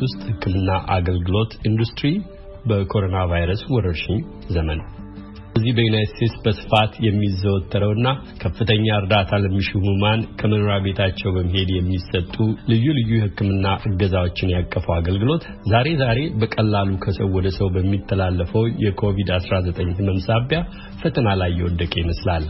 የሀገሪቱ ውስጥ ሕክምና አገልግሎት ኢንዱስትሪ በኮሮና ቫይረስ ወረርሽኝ ዘመን እዚህ በዩናይት ስቴትስ በስፋት የሚዘወተረውና ከፍተኛ እርዳታ ለሚሹ ህሙማን ከመኖሪያ ቤታቸው በመሄድ የሚሰጡ ልዩ ልዩ የህክምና እገዛዎችን ያቀፈው አገልግሎት ዛሬ ዛሬ በቀላሉ ከሰው ወደ ሰው በሚተላለፈው የኮቪድ-19 ህመም ሳቢያ ፈተና ላይ የወደቀ ይመስላል።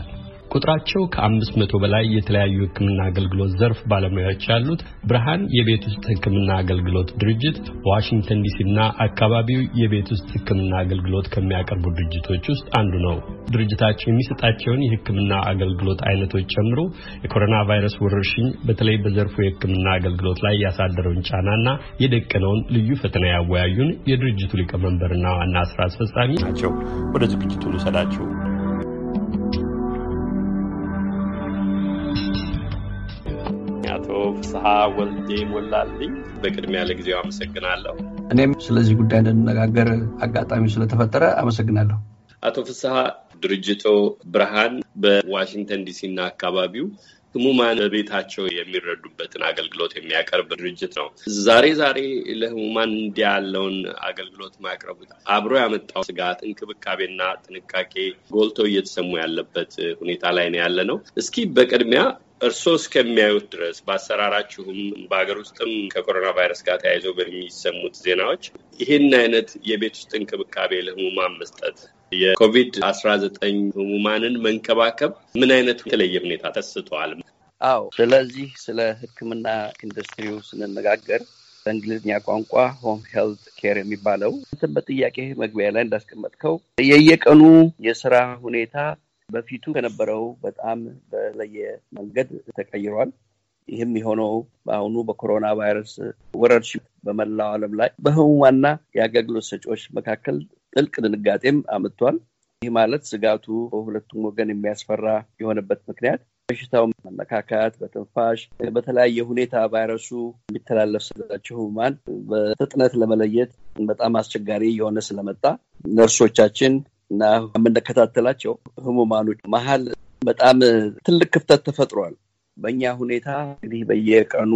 ቁጥራቸው ከአምስት መቶ በላይ የተለያዩ ሕክምና አገልግሎት ዘርፍ ባለሙያዎች ያሉት ብርሃን የቤት ውስጥ ሕክምና አገልግሎት ድርጅት ዋሽንግተን ዲሲና አካባቢው የቤት ውስጥ ሕክምና አገልግሎት ከሚያቀርቡ ድርጅቶች ውስጥ አንዱ ነው። ድርጅታቸው የሚሰጣቸውን የሕክምና አገልግሎት አይነቶች ጨምሮ የኮሮና ቫይረስ ወረርሽኝ በተለይ በዘርፉ የሕክምና አገልግሎት ላይ ያሳደረውን ጫናና የደቀነውን ልዩ ፈተና ያወያዩን የድርጅቱ ሊቀመንበርና ዋና ስራ አስፈጻሚ ናቸው። ወደ ዝግጅቱ ልውሰዳችሁ። አቶ ፍስሐ ወልዴ ሞላልኝ በቅድሚያ ለጊዜው አመሰግናለሁ። እኔም ስለዚህ ጉዳይ እንድንነጋገር አጋጣሚ ስለተፈጠረ አመሰግናለሁ። አቶ ፍስሐ ድርጅቶ ብርሃን በዋሽንግተን ዲሲ እና አካባቢው ህሙማን በቤታቸው የሚረዱበትን አገልግሎት የሚያቀርብ ድርጅት ነው። ዛሬ ዛሬ ለህሙማን እንዲህ ያለውን አገልግሎት ማቅረቡ አብሮ ያመጣው ስጋት፣ እንክብካቤና ጥንቃቄ ጎልቶ እየተሰሙ ያለበት ሁኔታ ላይ ነው ያለ ነው። እስኪ በቅድሚያ እርስዎ እስከሚያዩት ድረስ በአሰራራችሁም በሀገር ውስጥም ከኮሮና ቫይረስ ጋር ተያይዘው በሚሰሙት ዜናዎች ይህን አይነት የቤት ውስጥ እንክብካቤ ለህሙማን መስጠት የኮቪድ አስራ ዘጠኝ ህሙማንን መንከባከብ ምን አይነት የተለየ ሁኔታ ተስተዋል? አዎ፣ ስለዚህ ስለ ህክምና ኢንዱስትሪው ስንነጋገር በእንግሊዝኛ ቋንቋ ሆም ሄልት ኬር የሚባለው በጥያቄ መግቢያ ላይ እንዳስቀመጥከው የየቀኑ የስራ ሁኔታ በፊቱ ከነበረው በጣም በለየ መንገድ ተቀይሯል። ይህም የሆነው በአሁኑ በኮሮና ቫይረስ ወረርሽኝ በመላው ዓለም ላይ በህሙማና የአገልግሎት ሰጪዎች መካከል ጥልቅ ድንጋጤም አምጥቷል። ይህ ማለት ስጋቱ በሁለቱም ወገን የሚያስፈራ የሆነበት ምክንያት በሽታው መነካካት፣ በትንፋሽ፣ በተለያየ ሁኔታ ቫይረሱ የሚተላለፍ ስለላቸው ህሙማን በፍጥነት ለመለየት በጣም አስቸጋሪ የሆነ ስለመጣ ነርሶቻችን እና የምንከታተላቸው ህሙማኖች መሀል በጣም ትልቅ ክፍተት ተፈጥሯል። በእኛ ሁኔታ እንግዲህ በየቀኑ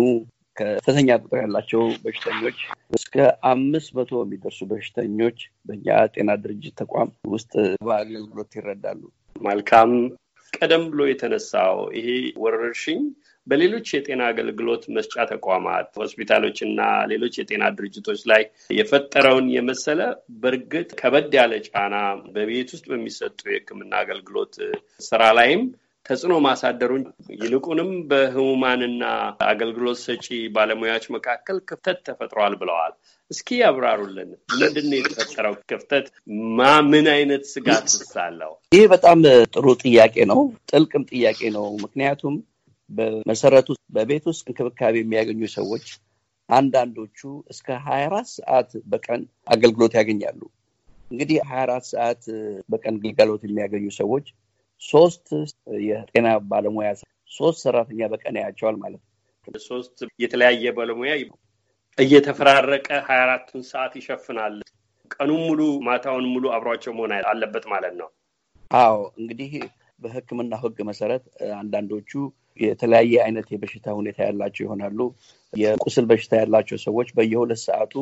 ከፍተኛ ቁጥር ያላቸው በሽተኞች እስከ አምስት መቶ የሚደርሱ በሽተኞች በእኛ ጤና ድርጅት ተቋም ውስጥ በአገልግሎት ይረዳሉ። መልካም ቀደም ብሎ የተነሳው ይሄ ወረርሽኝ በሌሎች የጤና አገልግሎት መስጫ ተቋማት ሆስፒታሎች እና ሌሎች የጤና ድርጅቶች ላይ የፈጠረውን የመሰለ በእርግጥ ከበድ ያለ ጫና በቤት ውስጥ በሚሰጡ የሕክምና አገልግሎት ስራ ላይም ተጽዕኖ ማሳደሩን ይልቁንም በህሙማንና አገልግሎት ሰጪ ባለሙያዎች መካከል ክፍተት ተፈጥሯል ብለዋል። እስኪ ያብራሩልን፣ ምንድን ነው የተፈጠረው ክፍተት? ማ ምን አይነት ስጋት ስሳለው? ይህ በጣም ጥሩ ጥያቄ ነው፣ ጥልቅም ጥያቄ ነው። ምክንያቱም በመሰረቱ በቤት ውስጥ እንክብካቤ የሚያገኙ ሰዎች አንዳንዶቹ እስከ ሀያ አራት ሰዓት በቀን አገልግሎት ያገኛሉ። እንግዲህ ሀያ አራት ሰዓት በቀን ግልጋሎት የሚያገኙ ሰዎች ሶስት የጤና ባለሙያ ሶስት ሰራተኛ በቀን ያያቸዋል ማለት ነው። ሶስት የተለያየ ባለሙያ እየተፈራረቀ ሀያ አራቱን ሰዓት ይሸፍናል። ቀኑን ሙሉ ማታውን ሙሉ አብሯቸው መሆን አለበት ማለት ነው። አዎ እንግዲህ በህክምና ሕግ መሰረት አንዳንዶቹ የተለያየ አይነት የበሽታ ሁኔታ ያላቸው ይሆናሉ። የቁስል በሽታ ያላቸው ሰዎች በየሁለት ሰዓቱ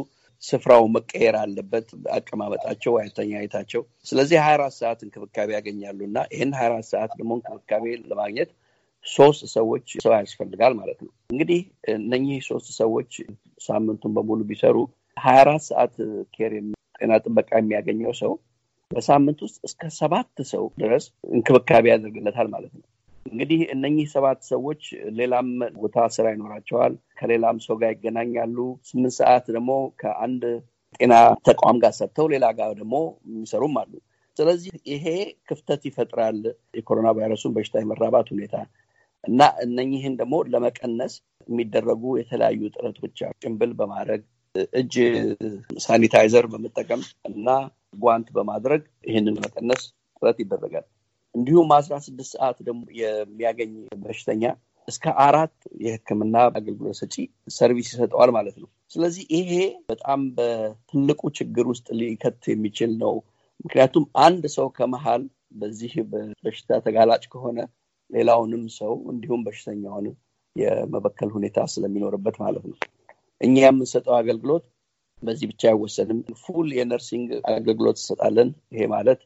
ስፍራው መቀየር አለበት። አቀማመጣቸው፣ አይታቸው ስለዚህ ሀያ አራት ሰዓት እንክብካቤ ያገኛሉ እና ይህን ሀያ አራት ሰዓት ደግሞ እንክብካቤ ለማግኘት ሶስት ሰዎች ሰው ያስፈልጋል ማለት ነው። እንግዲህ እነኚህ ሶስት ሰዎች ሳምንቱን በሙሉ ቢሰሩ ሀያ አራት ሰዓት ኬር ጤና ጥበቃ የሚያገኘው ሰው በሳምንት ውስጥ እስከ ሰባት ሰው ድረስ እንክብካቤ ያደርግለታል ማለት ነው። እንግዲህ እነኚህ ሰባት ሰዎች ሌላም ቦታ ስራ ይኖራቸዋል። ከሌላም ሰው ጋር ይገናኛሉ። ስምንት ሰዓት ደግሞ ከአንድ ጤና ተቋም ጋር ሰጥተው ሌላ ጋር ደግሞ የሚሰሩም አሉ። ስለዚህ ይሄ ክፍተት ይፈጥራል፣ የኮሮና ቫይረሱን በሽታ የመራባት ሁኔታ እና እነኚህን ደግሞ ለመቀነስ የሚደረጉ የተለያዩ ጥረቶች ጭንብል በማድረግ እጅ ሳኒታይዘር በመጠቀም እና ጓንት በማድረግ ይህንን ለመቀነስ ጥረት ይደረጋል። እንዲሁም አስራ ስድስት ሰዓት ደግሞ የሚያገኝ በሽተኛ እስከ አራት የሕክምና አገልግሎት ሰጪ ሰርቪስ ይሰጠዋል ማለት ነው። ስለዚህ ይሄ በጣም በትልቁ ችግር ውስጥ ሊከት የሚችል ነው። ምክንያቱም አንድ ሰው ከመሀል በዚህ በሽታ ተጋላጭ ከሆነ ሌላውንም ሰው እንዲሁም በሽተኛውንም የመበከል ሁኔታ ስለሚኖርበት ማለት ነው። እኛ የምንሰጠው አገልግሎት በዚህ ብቻ አይወሰንም። ፉል የነርሲንግ አገልግሎት እንሰጣለን። ይሄ ማለት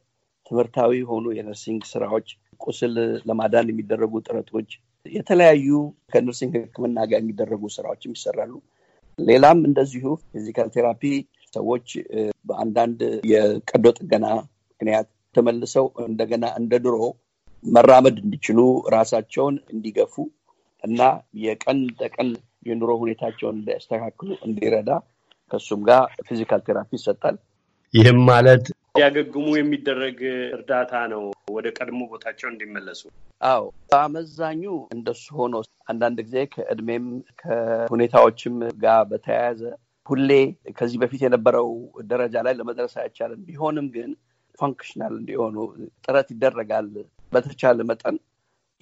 ትምህርታዊ የሆኑ የነርሲንግ ስራዎች፣ ቁስል ለማዳን የሚደረጉ ጥረቶች፣ የተለያዩ ከነርሲንግ ሕክምና ጋር የሚደረጉ ስራዎችም ይሰራሉ። ሌላም እንደዚሁ ፊዚካል ቴራፒ ሰዎች በአንዳንድ የቀዶ ጥገና ምክንያት ተመልሰው እንደገና እንደ ድሮ መራመድ እንዲችሉ ራሳቸውን እንዲገፉ እና የቀን ተቀን የኑሮ ሁኔታቸውን እንዲያስተካክሉ እንዲረዳ ከሱም ጋር ፊዚካል ቴራፒ ይሰጣል። ይህም ማለት እንዲያገግሙ የሚደረግ እርዳታ ነው ወደ ቀድሞ ቦታቸው እንዲመለሱ። አዎ አመዛኙ እንደሱ ሆኖ አንዳንድ ጊዜ ከእድሜም ከሁኔታዎችም ጋር በተያያዘ ሁሌ ከዚህ በፊት የነበረው ደረጃ ላይ ለመድረስ አይቻልም። ቢሆንም ግን ፋንክሽናል እንዲሆኑ ጥረት ይደረጋል። በተቻለ መጠን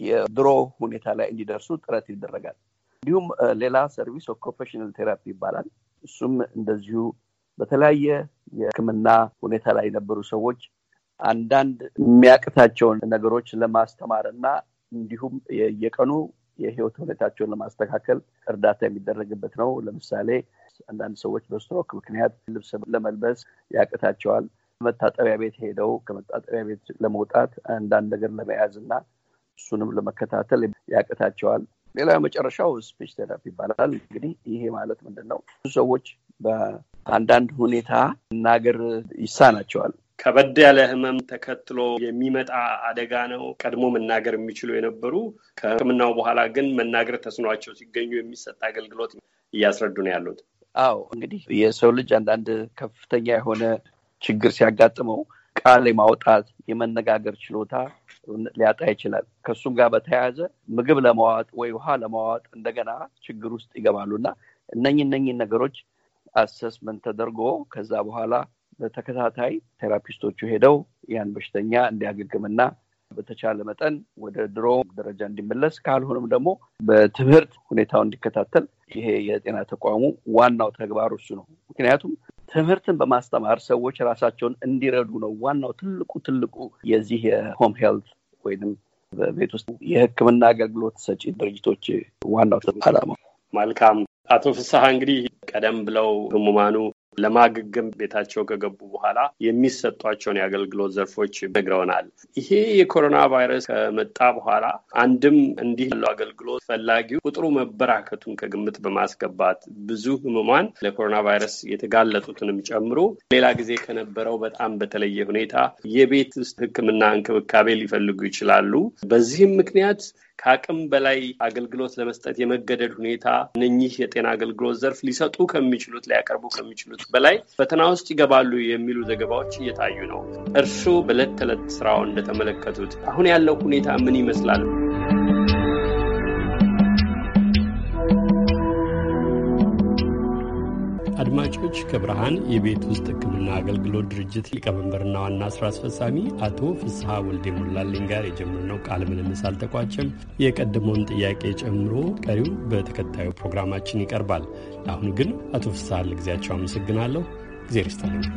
የድሮ ሁኔታ ላይ እንዲደርሱ ጥረት ይደረጋል። እንዲሁም ሌላ ሰርቪስ ኦኮፔሽናል ቴራፒ ይባላል። እሱም እንደዚሁ በተለያየ የሕክምና ሁኔታ ላይ የነበሩ ሰዎች አንዳንድ የሚያቅታቸውን ነገሮች ለማስተማር እና እንዲሁም የቀኑ የህይወት ሁኔታቸውን ለማስተካከል እርዳታ የሚደረግበት ነው። ለምሳሌ አንዳንድ ሰዎች በስትሮክ ምክንያት ልብስ ለመልበስ ያቅታቸዋል። መታጠቢያ ቤት ሄደው ከመታጠቢያ ቤት ለመውጣት አንዳንድ ነገር ለመያዝ እና እሱንም ለመከታተል ያቅታቸዋል። ሌላ መጨረሻው ስፒች ቴራፒ ይባላል። እንግዲህ ይሄ ማለት ምንድን ነው? ብዙ ሰዎች አንዳንድ ሁኔታ መናገር ይሳናቸዋል። ከበድ ያለ ህመም ተከትሎ የሚመጣ አደጋ ነው። ቀድሞ መናገር የሚችሉ የነበሩ ከህክምናው በኋላ ግን መናገር ተስኗቸው ሲገኙ የሚሰጥ አገልግሎት እያስረዱ ነው ያሉት። አዎ እንግዲህ የሰው ልጅ አንዳንድ ከፍተኛ የሆነ ችግር ሲያጋጥመው ቃል የማውጣት የመነጋገር ችሎታ ሊያጣ ይችላል። ከሱም ጋር በተያያዘ ምግብ ለማዋጥ ወይ ውሃ ለማዋጥ እንደገና ችግር ውስጥ ይገባሉ እና እነኝ እነኝን ነገሮች አሰስመንት ተደርጎ ከዛ በኋላ በተከታታይ ቴራፒስቶቹ ሄደው ያን በሽተኛ እንዲያገግምና በተቻለ መጠን ወደ ድሮ ደረጃ እንዲመለስ ካልሆነም ደግሞ በትምህርት ሁኔታው እንዲከታተል ይሄ የጤና ተቋሙ ዋናው ተግባር እሱ ነው። ምክንያቱም ትምህርትን በማስተማር ሰዎች ራሳቸውን እንዲረዱ ነው ዋናው ትልቁ ትልቁ የዚህ የሆም ሄልት ወይም በቤት ውስጥ የሕክምና አገልግሎት ሰጪ ድርጅቶች ዋናው ዓላማ። መልካም አቶ ፍስሐ እንግዲህ ቀደም ብለው ህሙማኑ ለማገገም ቤታቸው ከገቡ በኋላ የሚሰጧቸውን የአገልግሎት ዘርፎች ነግረውናል። ይሄ የኮሮና ቫይረስ ከመጣ በኋላ አንድም እንዲህ ያለው አገልግሎት ፈላጊው ቁጥሩ መበራከቱን ከግምት በማስገባት ብዙ ህሙማን ለኮሮና ቫይረስ የተጋለጡትንም ጨምሮ ሌላ ጊዜ ከነበረው በጣም በተለየ ሁኔታ የቤት ውስጥ ሕክምና እንክብካቤ ሊፈልጉ ይችላሉ። በዚህም ምክንያት ከአቅም በላይ አገልግሎት ለመስጠት የመገደድ ሁኔታ እነኚህ የጤና አገልግሎት ዘርፍ ሊሰጡ ከሚችሉት ሊያቀርቡ ከሚችሉት በላይ ፈተና ውስጥ ይገባሉ የሚሉ ዘገባዎች እየታዩ ነው። እርስዎ በዕለት ተዕለት ስራው እንደተመለከቱት አሁን ያለው ሁኔታ ምን ይመስላል? አድማጮች ከብርሃን የቤት ውስጥ ሕክምና አገልግሎት ድርጅት ሊቀመንበርና ዋና ስራ አስፈጻሚ አቶ ፍስሐ ወልዴ ሞላልኝ ጋር የጀመርነው ቃለ ምልልስ አልተቋጨም። የቀደመውን ጥያቄ ጨምሮ ቀሪው በተከታዩ ፕሮግራማችን ይቀርባል። አሁን ግን አቶ ፍስሐ ለጊዜያቸው አመሰግናለሁ። እግዜር ይስጥልኝ።